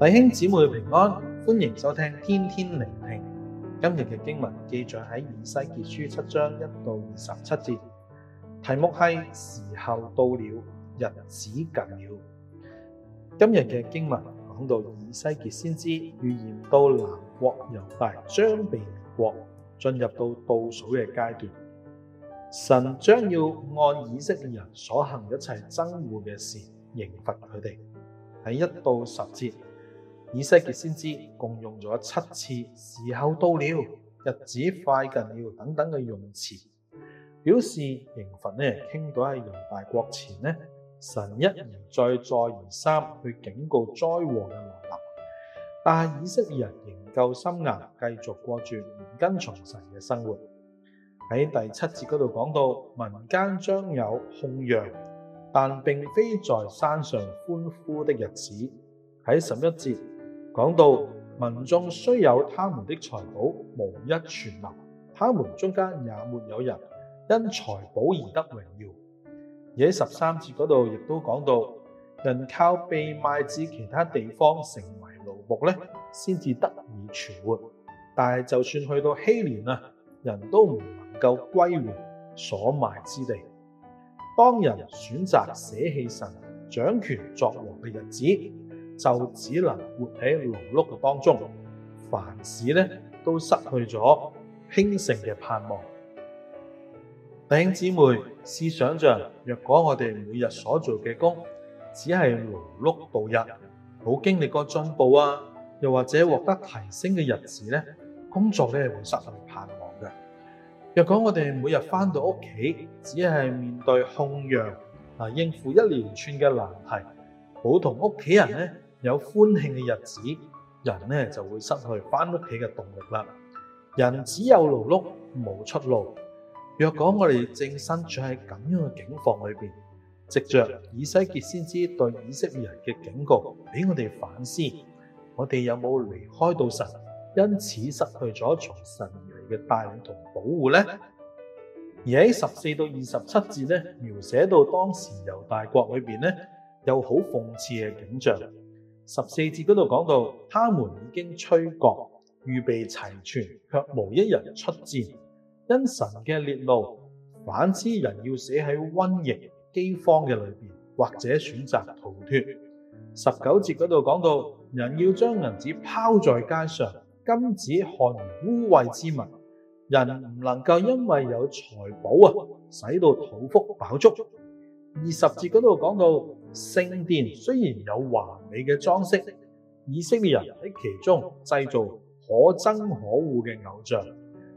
弟兄姊妹平安，歡迎收聽天天聆聽。今日嘅經文記載喺《以西結書》七章一到二十七節，題目係時候到了，日子近了。今日嘅經文講到以西結先知預言到南國猶大將被滅國進入到倒數嘅階段，神將要按以色列人所行一切憎惡嘅事，刑罰佢哋喺一到十節。以西結先知共用咗七次時候到了，日子快近了等等嘅用詞，表示刑罰咧傾倒喺猶大國前，神一而再、再而三去警告災禍嘅來臨，但以色列人仍舊心硬，繼續過住跟從神嘅生活。喺第七節嗰度講到，民間將有鬨嚷，但並非在山上歡呼的日子。喺十一節。講到民眾雖有他們的財寶，無一存留；他們中間也沒有人因財寶而得榮耀。而喺十三節嗰度亦都講到，人靠被賣至其他地方成為奴僕咧，先至得以存活。但係就算去到希年啊，人都唔能夠歸還所賣之地。當人選擇捨棄神、掌權作王嘅日子，就只能活喺勞碌嘅當中，凡事都失去咗興盛嘅盼望。弟兄姊妹，試想像，若果我哋每日所做嘅工只係勞碌度日，冇經歷過進步啊，又或者獲得提升嘅日子，工作咧係會失去盼望嘅。若果我哋每日返到屋企，只係面對控揚嗱，應付一連串嘅難題，冇同屋企人有歡慶嘅日子，人呢就會失去返屋企嘅動力啦。人只有勞碌，冇出路。若果我哋正身處喺咁樣嘅境況裏面，藉着以西結先知對以色列人嘅警告，俾我哋反思：我哋有冇離開到神？因此失去咗從神嚟嘅帶領同保護呢？而喺十四到二十七節呢，描寫到當時猶大國裏面呢有好諷刺嘅景象。十四節嗰度講到，他們已經吹角預備齊全，却無一人出戰，因神嘅烈怒。反之，人要死喺瘟疫饑荒嘅裏面，或者選擇逃脱。十九節嗰度講到，人要將銀子拋在街上，金子看如污穢之物。人唔能夠因為有財寶啊，使到肚腹飽足。二十節嗰度講到聖殿雖然有華美嘅裝飾，以色列人喺其中製造可憎可惡嘅偶像，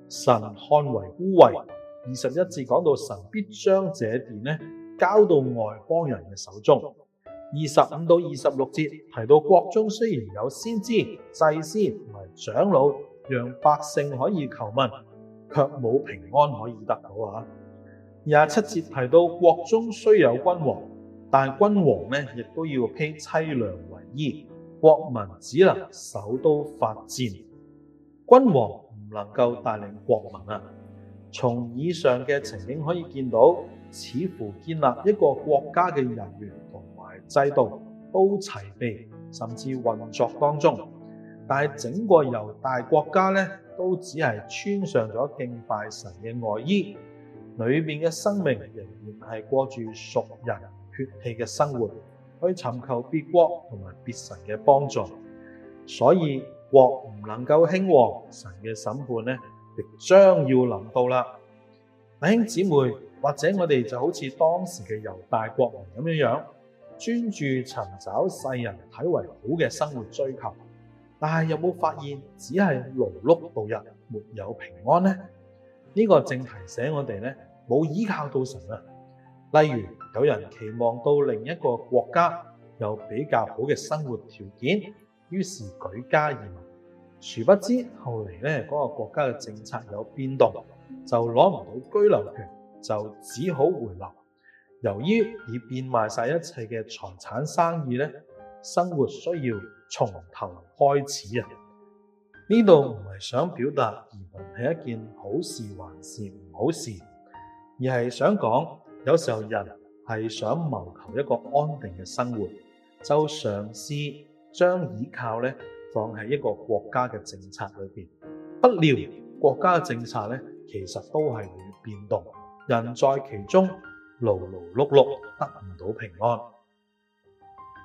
神看為污穢。二十一節講到神必將這殿呢交到外邦人嘅手中。二十五到二十六節提到國中雖然有先知、祭司同埋長老，讓百姓可以求問，卻冇平安可以得到啊。廿七節提到，國中雖有君王，但君王咧亦都要披淒涼為衣，國民只能手都發顫。君王唔能夠帶領國民啊。從以上嘅情景可以見到，似乎建立一個國家嘅人員同埋制度都齊備，甚至運作當中，但係整個猶大國家咧都只係穿上咗敬拜神嘅外衣。裏面嘅生命仍然係過住屬人血氣嘅生活，去尋求別國同埋別神嘅幫助，所以國唔能夠興旺，神嘅審判呢亦將要臨到啦。弟兄姊妹，或者我哋就好似當時嘅猶大國民咁樣樣，專注尋找世人睇為好嘅生活追求，但係有冇發現只係勞碌度日，沒有平安呢？這個呢個正提醒我哋咧，冇依靠到神啊。例如有人期望到另一個國家有比較好嘅生活條件，於是舉家移民。殊不知後嚟咧，嗰、那個國家嘅政策有變動，就攞唔到居留權，就只好回流。由於已變賣曬一切嘅財產生意咧，生活需要從頭開始啊！呢度唔係想表達移民係一件好事還是唔好事，而係想講，有時候人係想謀求一個安定嘅生活，就嘗試將依靠呢放喺一個國家嘅政策裏面。不料國家嘅政策呢，其實都係會變動，人在其中勞勞碌碌得唔到平安，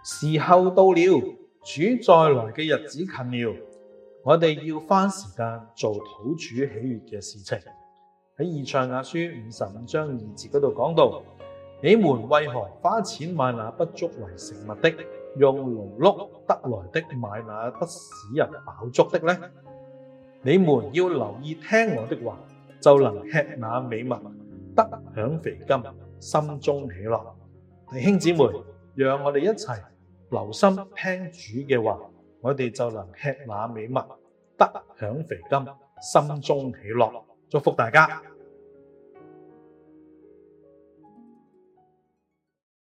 時候到了，主再來嘅日子近了。我哋要花時間做土主喜悦嘅事情。喺以賽亞書五十五章二節嗰度講到：你們為何花錢買那不足為食物的，用勞碌得來的買那不使人飽足的呢？你們要留意聽我的話，就能吃那美物，得享肥甘，心中喜樂。弟兄姊妹，讓我哋一齊留心聽主嘅話。我哋就能吃那美物，得享肥甘，心中喜樂。祝福大家！